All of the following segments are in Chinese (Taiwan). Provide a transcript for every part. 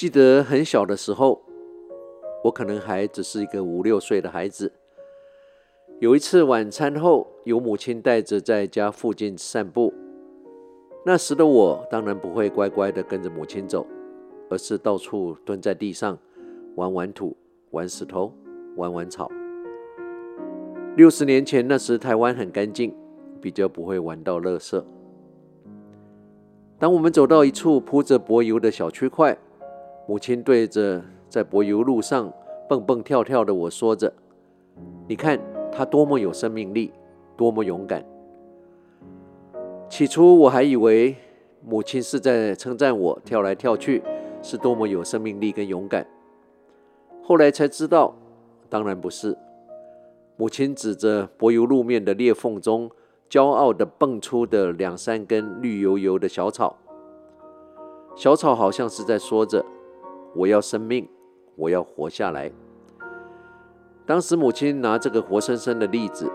記得很小的時候，我可能還只是一個五六歲的孩子。有一次晚餐後，由母親帶着在家附近散步。那時的我當然不會乖乖地跟着母親走，而是到處蹲在地上玩玩土、玩石頭、玩玩草。六十年前，那時台灣很乾淨，比較不會玩到垃圾。當我們走到一處鋪着柏油的小區塊。母親對着在柏油路上蹦蹦跳跳的我說着：“你看它多麼有生命力，多麼勇敢。”起初我還以為母親是在稱讚我跳來跳去是多麼有生命力跟勇敢，後來才知道，當然不是。母親指着柏油路面的裂縫中驕傲地蹦出的兩三根綠油油的小草，小草好像是在說着。我要生命，我要活下來。當時母親拿這個活生生的例子，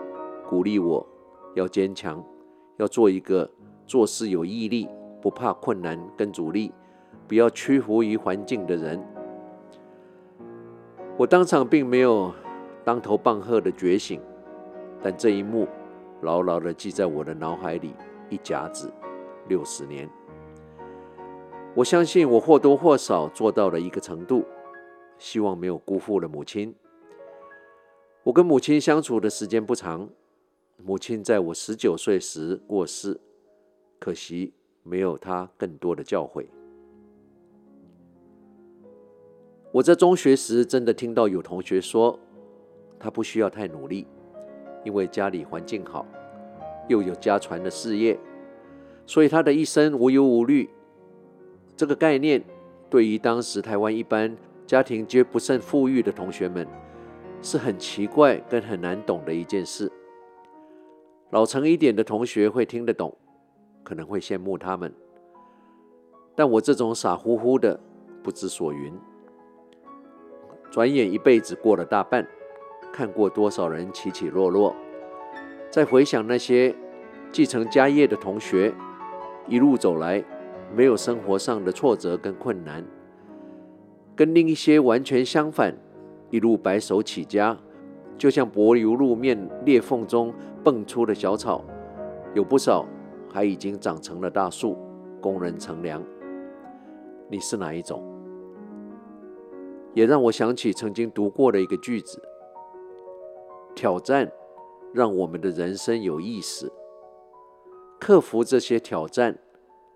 鼓勵我，要堅強，要做一個做事有毅力、不怕困難跟阻力、不要屈服於環境的人。我當場並沒有當頭棒喝的覺醒，但這一幕牢牢地記在我的腦海裡，一甲子，六十年。我相信我或多或少做到了一個程度，希望沒有辜負了母親。我跟母親相處的時間不長，母親在我十九歲時過世，可惜沒有她更多的教誨。我在中學時真的聽到有同學說，她不需要太努力，因為家裡環境好，又有家傳的事業，所以她的一生無憂無慮。這個概念對於當時台灣一般家庭皆不甚富裕的同學們是很奇怪跟很難懂的一件事。老成一點的同學會聽得懂，可能會羨慕他們。但我這種傻乎乎的不知所云，轉眼一輩子過了大半，看過多少人起起落落，再回想那些繼承家業的同學一路走來。沒有生活上的挫折跟困難，跟另一些完全相反，一路白手起家，就像柏油路面裂縫中蹦出的小草，有不少還已經長成了大樹，供人乘涼。你是哪一種？也讓我想起曾經讀過的一個句子：挑戰，讓我們的人生有意思；克服這些挑戰。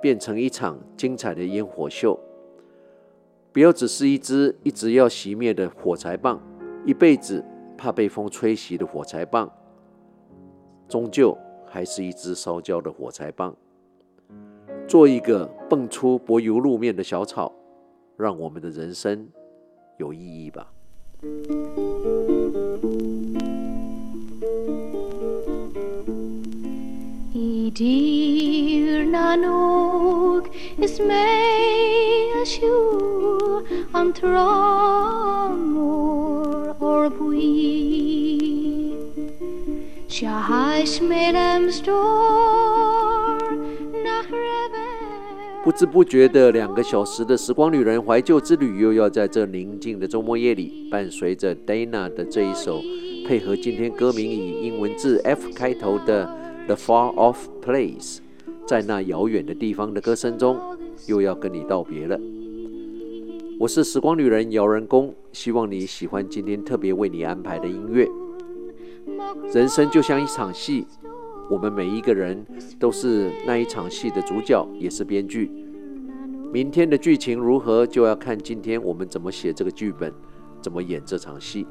變成一場精彩的煙火秀，不要只是一支一直要熄滅的火柴棒，一輩子怕被風吹熄的火柴棒，終究還是一支燒焦的火柴棒。做一個蹦出柏油路面的小草，讓我們的人生有意義吧。音樂音樂不知不覺的兩個小時的時光，旅人懷舊之旅又要在這寧靜的周末夜裡，伴隨着 Dana 的這一首，配合今天歌名以英文字 F 開頭的 The Far Off Place。在那遙遠的地方的歌聲中，又要跟你道別了。我是時光旅人姚人公，希望你喜歡今天特別為你安排的音樂。人生就像一場戲，我們每一個人都是那一場戲的主角，也是編劇。明天的劇情如何，就要看今天我們怎麼寫這個劇本，怎麼演這場戲。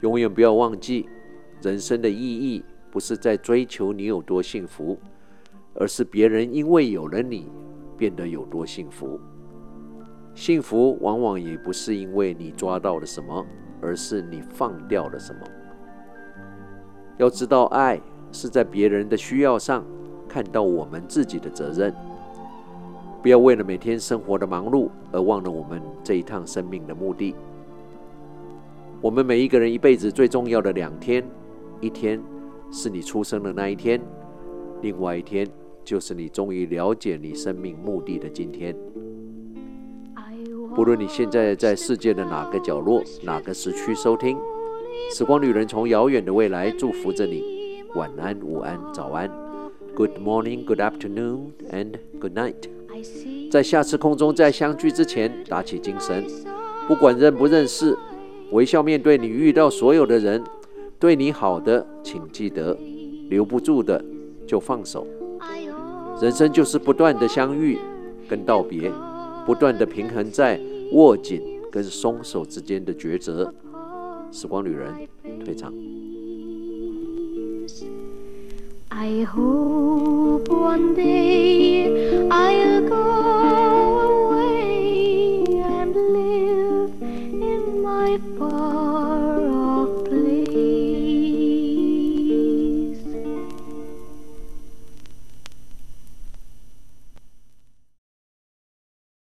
永遠不要忘記，人生的意義不是在追求你有多幸福。而是別人因為有了你變得有多幸福。幸福往往也不是因為你抓到了什麼，而是你放掉了什麼。要知道愛，愛是在別人的需要上看到我們自己的責任。不要為了每天生活的忙碌而忘了我們這一趟生命的目的。我們每一個人一輩子最重要的兩天，一天是你出生的那一天，另外一天，就是你終於了解你生命目的的今天。不論你現在在世界的哪個角落、哪個時區收聽，時光旅人從遙遠的未來祝福着你。晚安、午安、早安，Good morning, Good afternoon, and Good night。在下次空中再相聚之前，打起精神，不管認不認識，微笑面對你遇到所有的人。對你好的，請記得；留不住的，就放手。人生就是不斷的相遇跟道別，不斷的平衡在握緊跟鬆手之間的抉擇。時光旅人退場。I hope one day I'll go away and live in my body.